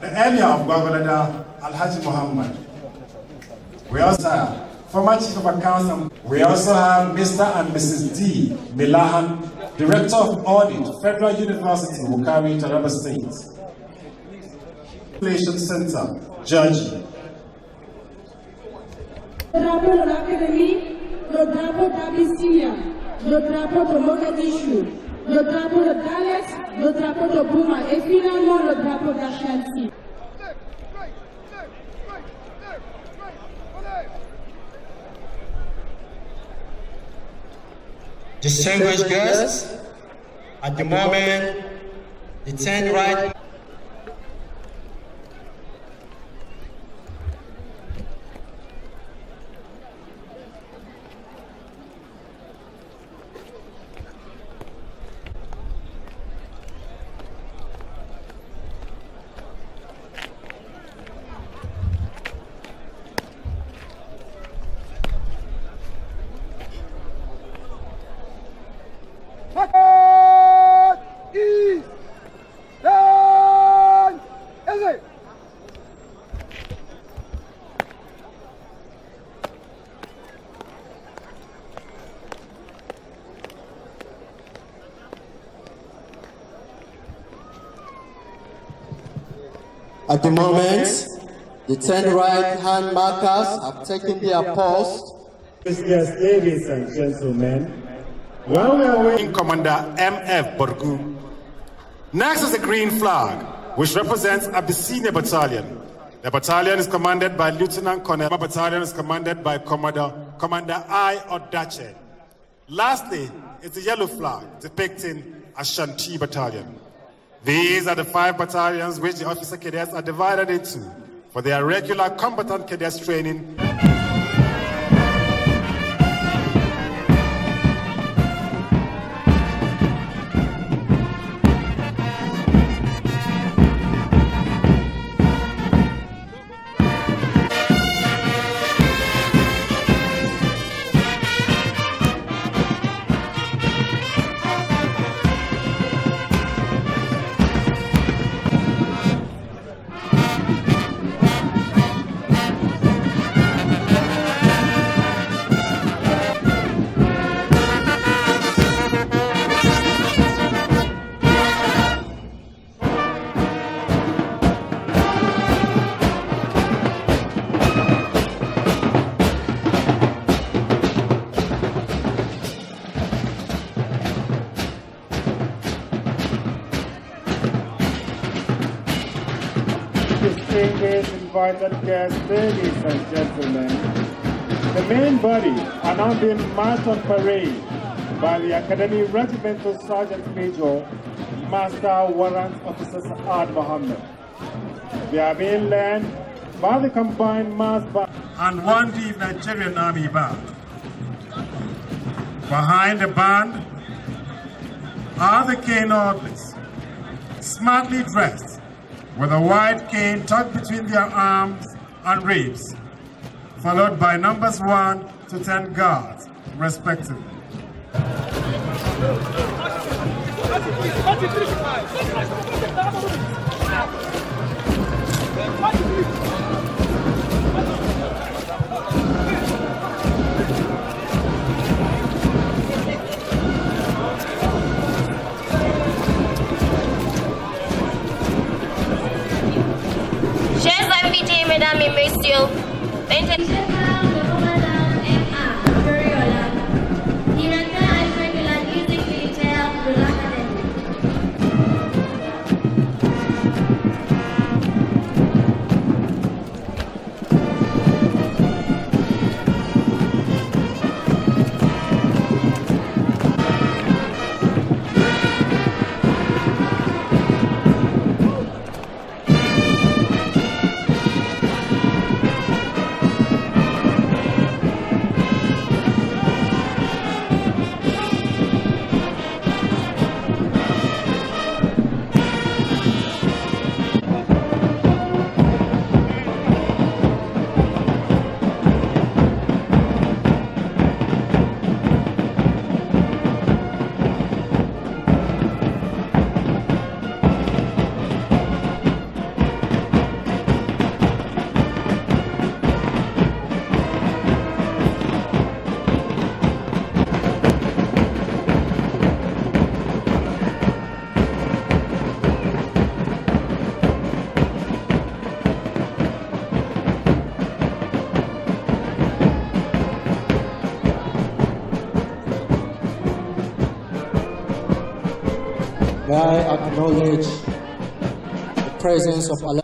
The area of Gwagwalada, Alhaji Muhammad. We also have former Chief of Accounts. we also have Mr. and Mrs. D. Milahan, Director of Audit, Federal University, Wukari, Taraba State. Population Center, Georgia. Honorable Academy, Lodapo Mogadishu, le drapeau de et finalement le drapeau Distinguished guests, at the moment, the 10 right At the moment, the 10 right-hand markers have taken their post. Yes, ladies and gentlemen, while we are waiting, Commander M.F. Borgu. Next is the green flag, which represents Abyssinia Battalion. The battalion is commanded by Lieutenant Colonel. The battalion is commanded by Commander, Commander I. Odache. Lastly, is the yellow flag depicting Ashanti Battalion. These are the five battalions which the officer cadets are divided into for their regular combatant cadets training by the ladies and gentlemen. The main body are now being marched on parade by the Academy Regimental Sergeant Major, Master Warrant Officer Saad Mohammed. They are being led by the combined mass band and one deep Nigerian Army band. Behind the band are the K-Nordless, smartly dressed, with a white cane tucked between their arms and ribs, followed by numbers 1 to 10 guards, respectively. I face you. Maintain. the presence of Allah.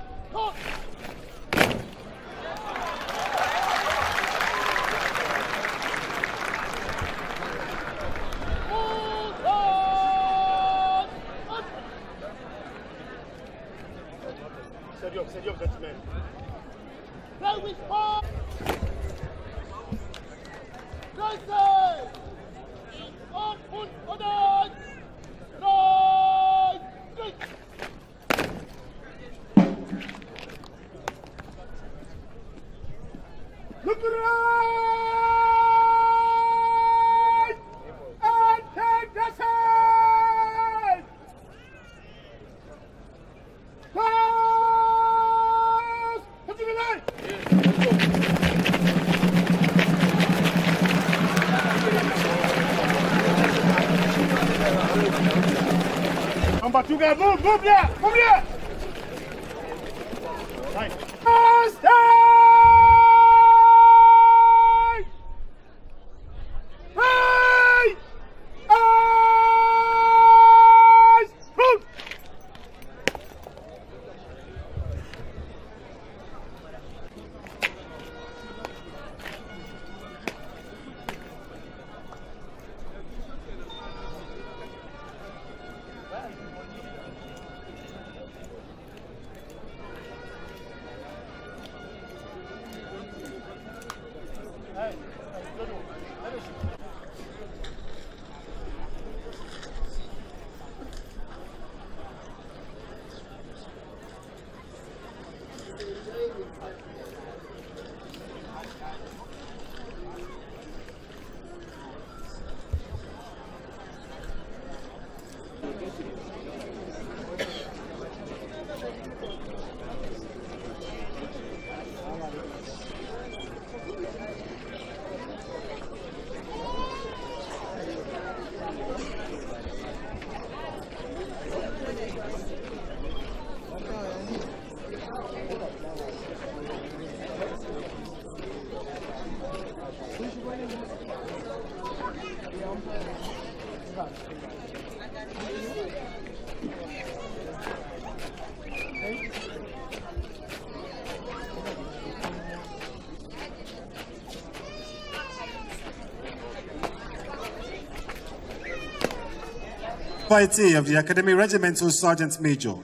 of the Academy Regimental Sergeant Major.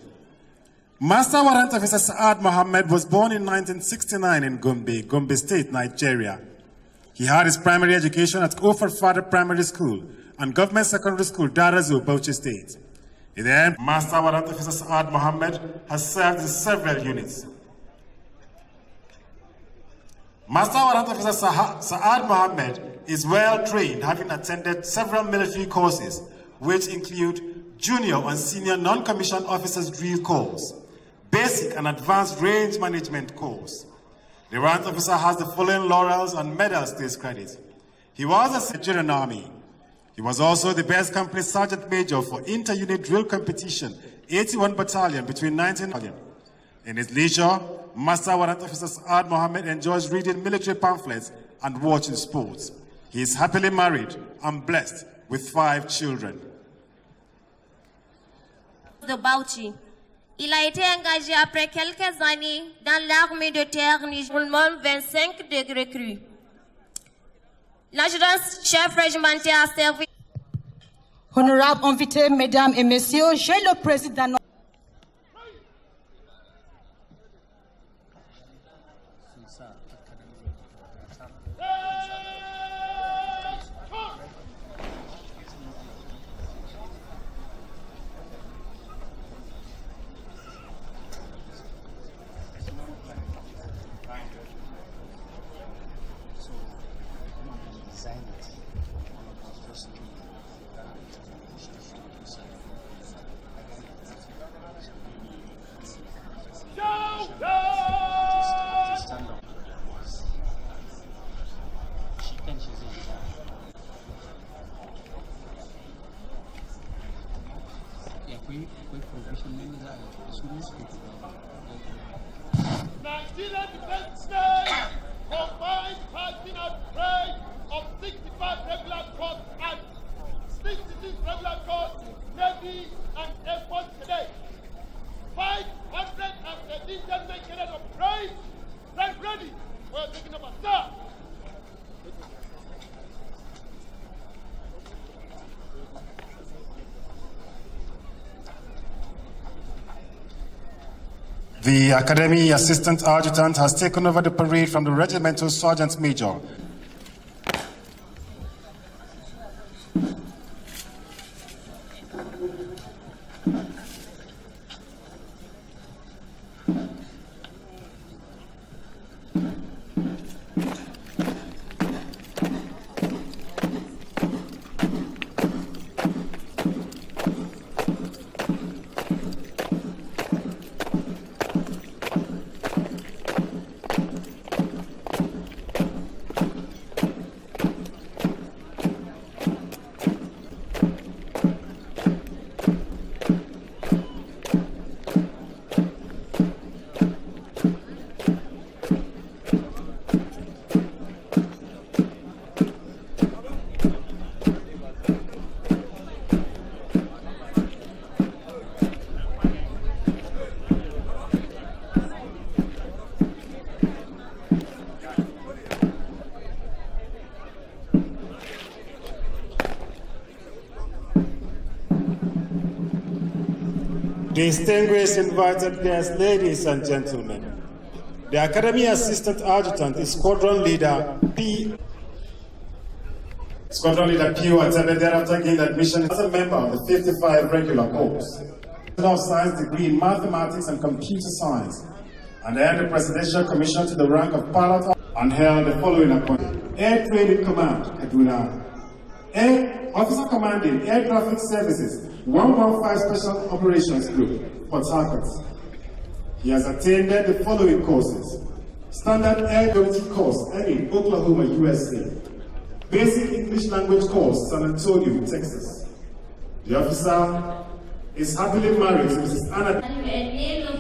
Master Warrant Officer Saad Mohammed was born in 1969 in Gombe, Gombe State, Nigeria. He had his primary education at Kofar Father Primary School and Government Secondary School, Darazu, Bauchi State. He then, Master Warrant Officer Saad Mohammed has served in several units. Master Warrant Officer Saad Mohammed is well trained, having attended several military courses which include junior and senior non-commissioned officers drill course, basic and advanced range management course. The rank officer has the following laurels and medals to his credit. He was a Nigerian Army. He was also the best company sergeant major for inter-unit drill competition, 81 Battalion between 19 In his leisure, Master Warrant Officer Saad Mohammed enjoys reading military pamphlets and watching sports. He is happily married and blessed with five children. de Bauchi. Il a été engagé après quelques années dans l'armée de terre Nijoulmon 25 degrés cru. L'agence chef régimentaire a servi. Honorable invité, mesdames et messieurs, j'ai le président. The Academy Assistant Adjutant has taken over the parade from the Regimental Sergeant Major. Distinguished invited guests, ladies and gentlemen, the Academy Assistant Adjutant is Squadron Leader P. Squadron Leader P attended thereafter gained admission as a member of the 55 regular corps. Bachelor of Science degree in Mathematics and Computer Science and earned the Presidential Commission to the rank of Pilot and held the following appointment. Air Training Command, Kaduna. Air Officer Commanding Air Traffic Services, 115 Special Operations Group, Port Harcourt. He has attended the following courses. Standard Air Course, Eddie, Oklahoma, USA. Basic English Language Course, San Antonio, Texas. The officer is happily married to Mrs. Anna.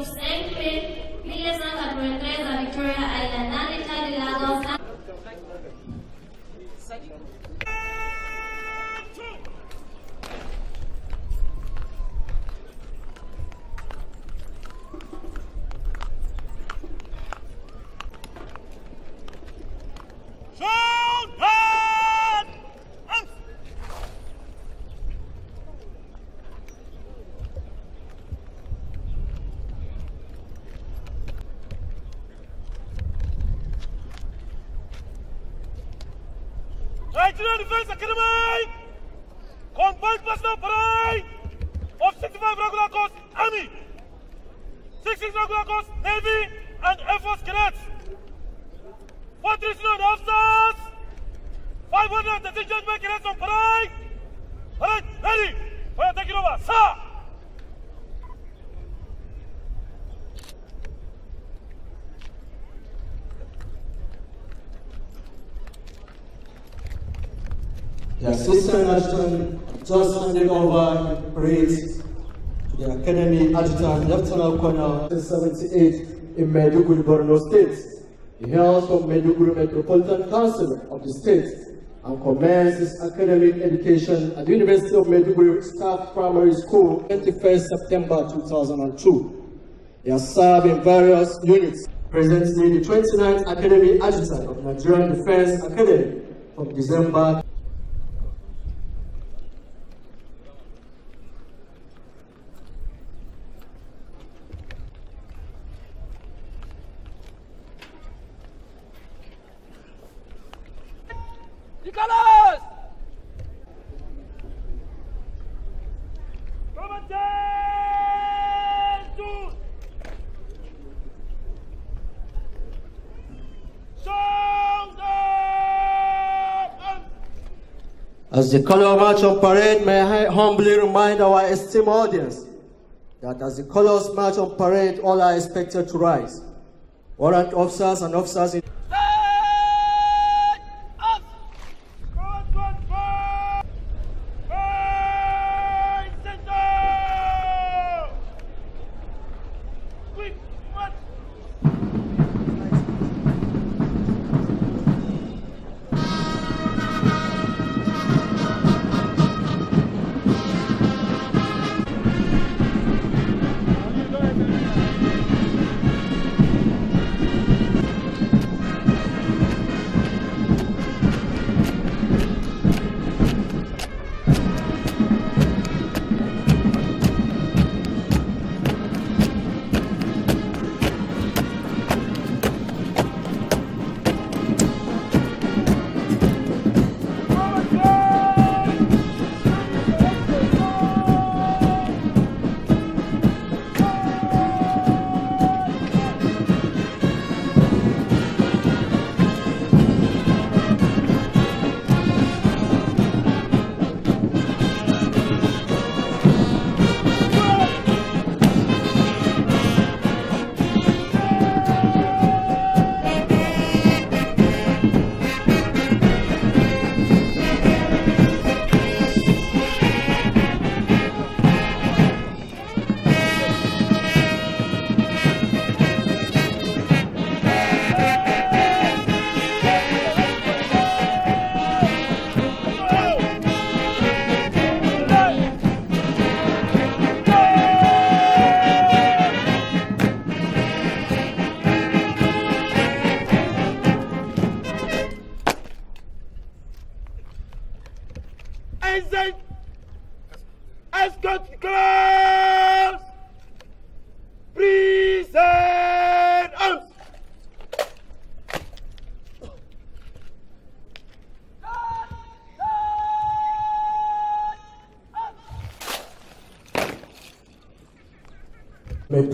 Nigeria Defence Academy! Combined Personal Parade of 65 regular course Army, 66 regular course Navy and Air Force cadets, 40 officers, 513 judgment cadets on parade. Parade ready for your taking over, sir! the assistant adjutant just handed over parades to the academy adjutant Lieutenant Colonel 78 in Maiduguri, Borno State. He hails from Maiduguri Metropolitan Council of the state and commenced his academic education at the University of Maiduguri Staff Primary School 21st September 2002. He has served in various units, presently the 29th Academy Adjutant of Nigerian Defense Academy from December As the color march on parade, may I humbly remind our esteemed audience that as the colors march on parade, all are expected to rise. Warrant officers and officers in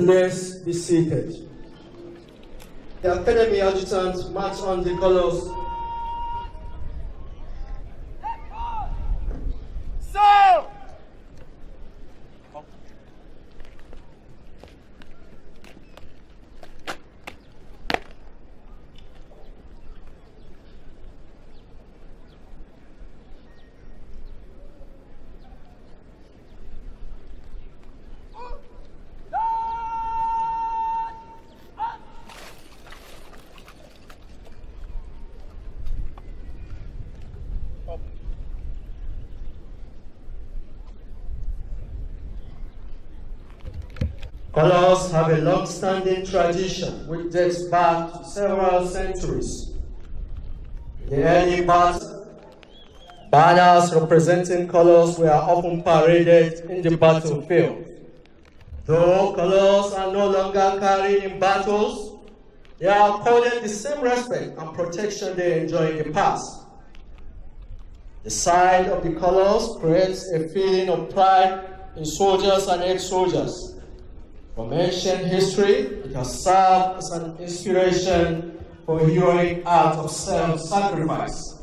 Please be seated. The Academy Adjutant marched on the colors Colors have a long-standing tradition which dates back to several centuries. The early past, banners representing colors were often paraded in the battlefield. Though colors are no longer carried in battles, they are accorded the same respect and protection they enjoyed in the past. The sight of the colors creates a feeling of pride in soldiers and ex-soldiers from ancient history, it has served as an inspiration for heroic acts of self-sacrifice.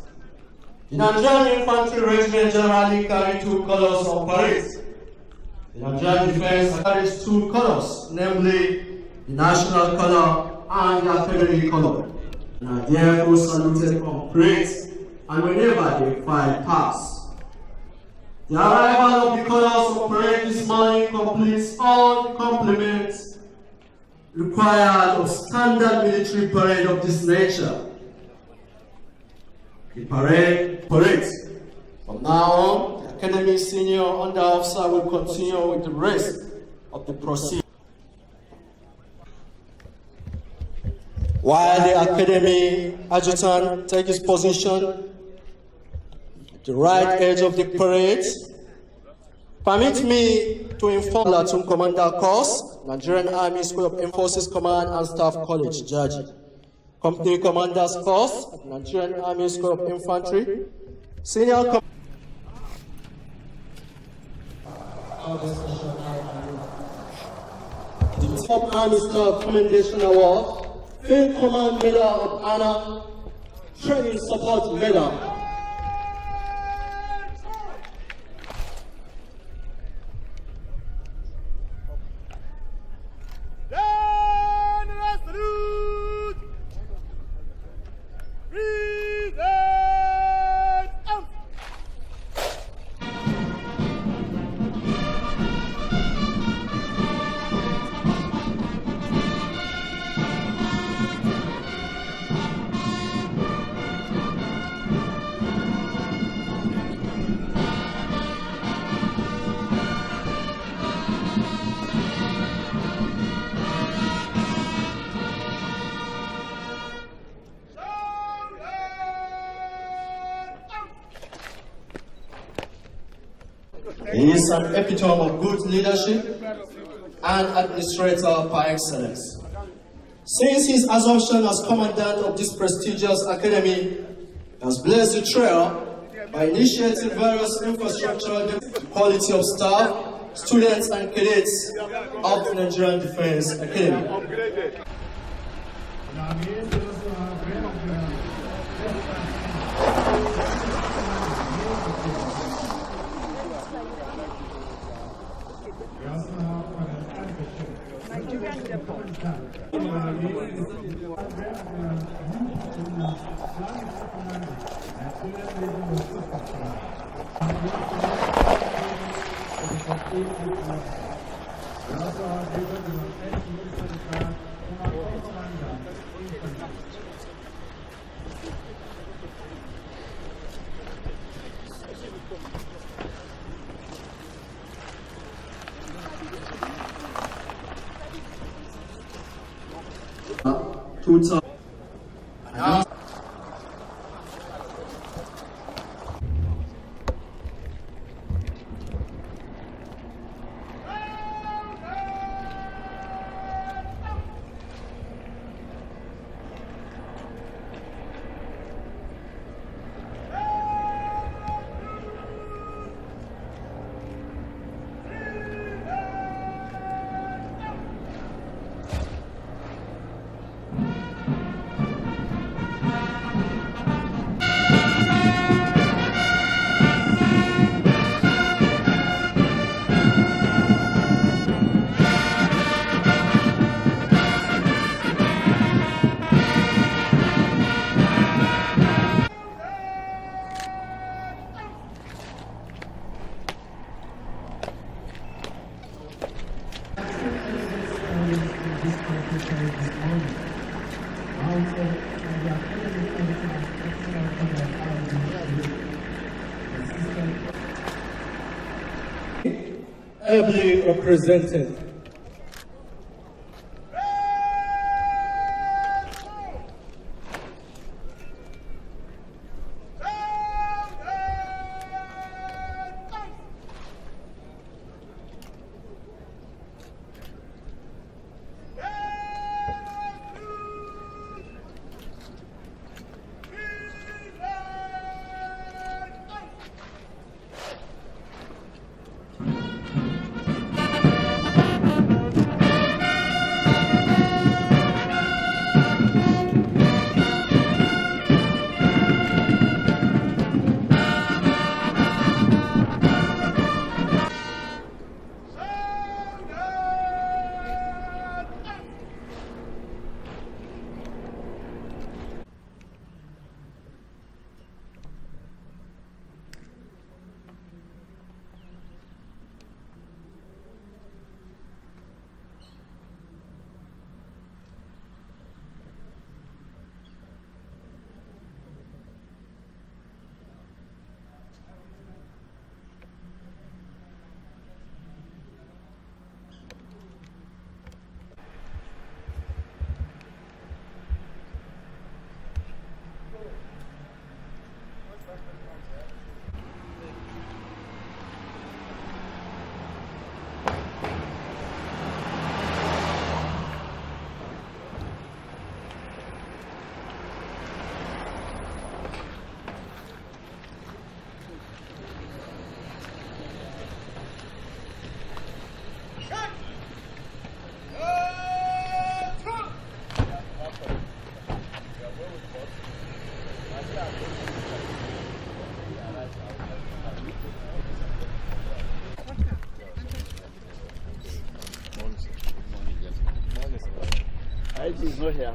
The Nigerian infantry regiment generally carry two colors on parade. The Nigerian defense carries two colors, namely the national color and the family color. And are therefore saluted on parade and whenever they find pass. The arrival of Nicholas of Prague this morning completes all the complements required of standard military parade of this nature. The parade, parades. From now on, the Academy senior under officer will continue with the rest of the procedure. While the Academy adjutant takes his position, the right edge of the parade. Permit me to inform Platoon Commander Koss, Nigerian Army School of Enforces Command and Staff College, Judge. Company Commander's Course, Nigerian Army School of Infantry, Senior Com The Top Army Star Commendation Award, Field Command Medal of Honor, Training Support Medal, leadership and administrator par excellence. Since his assumption as commandant of this prestigious academy, has blazed the trail by initiating various infrastructure quality of staff, students and cadets of the Nigerian Defense Academy. एक represented no real.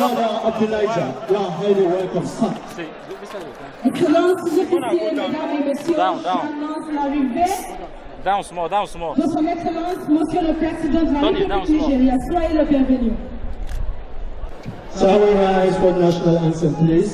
هذا ابتلايجا لا هيدي mesdames et messieurs, down, down. Down small, down small. De son excellence, monsieur le président de la République Nigeria, soyez le bienvenu. So rise for national anthem, please.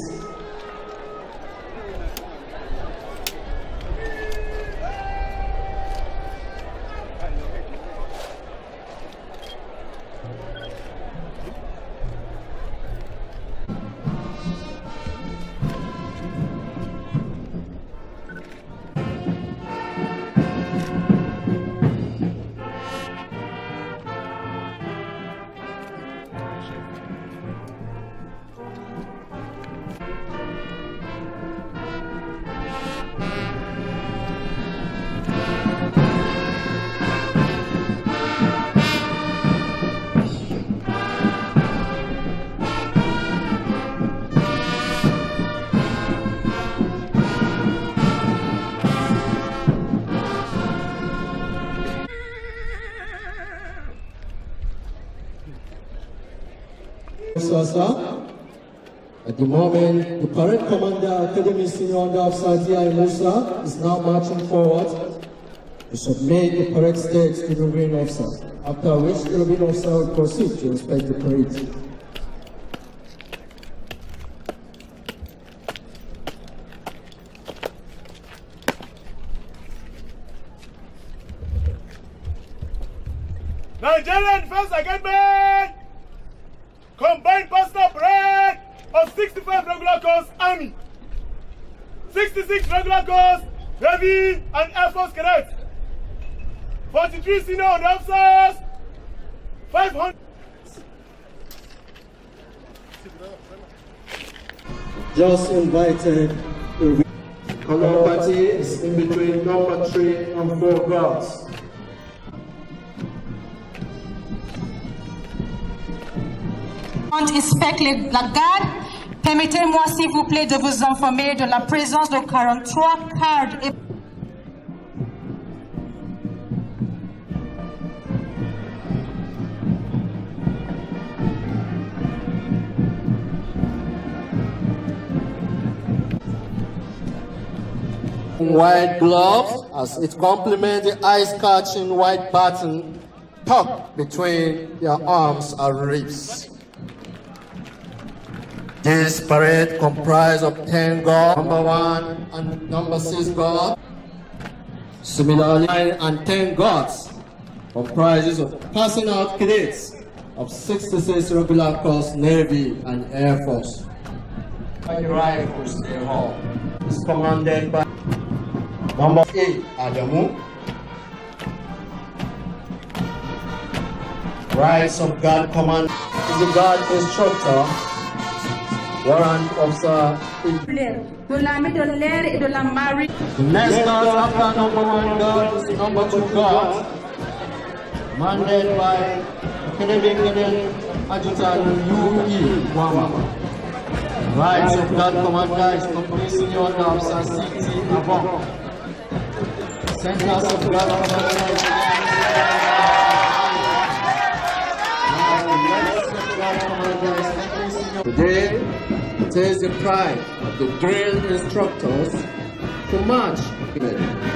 At the moment, the parade commander, Academy Senior Under Officer D.I. Musa, is now marching forward to submit the parade stakes to the Green Officer, after which the Green Officer will proceed to inspect the parade. Regular goals, heavy and Air Force cadets. 43 senior officers, 500. Just invited. Color party is in between number three and four guards. Front is speckled blackguard Permettez-moi, s'il vous plaît, de vous informer de la présence de 43 cards. Et... White gloves as it complements the ice-catching white button tucked between your arms and ribs. This parade comprised of 10 gods, number 1 and number 6 God. Similarly, 9 and 10 gods comprises of passing out cadets of 66 regular corps, Navy and Air Force. The Rifles Day Hall is commanded by number 8 Adamu, Rise of God Command is the God instructor Warrant Officer Let's start after number one number two guard, mandated by Kennedy Kennedy Adjutant UE Guama. Right of that commander is completing of commander is Today, it is the pride of the drill instructors to march.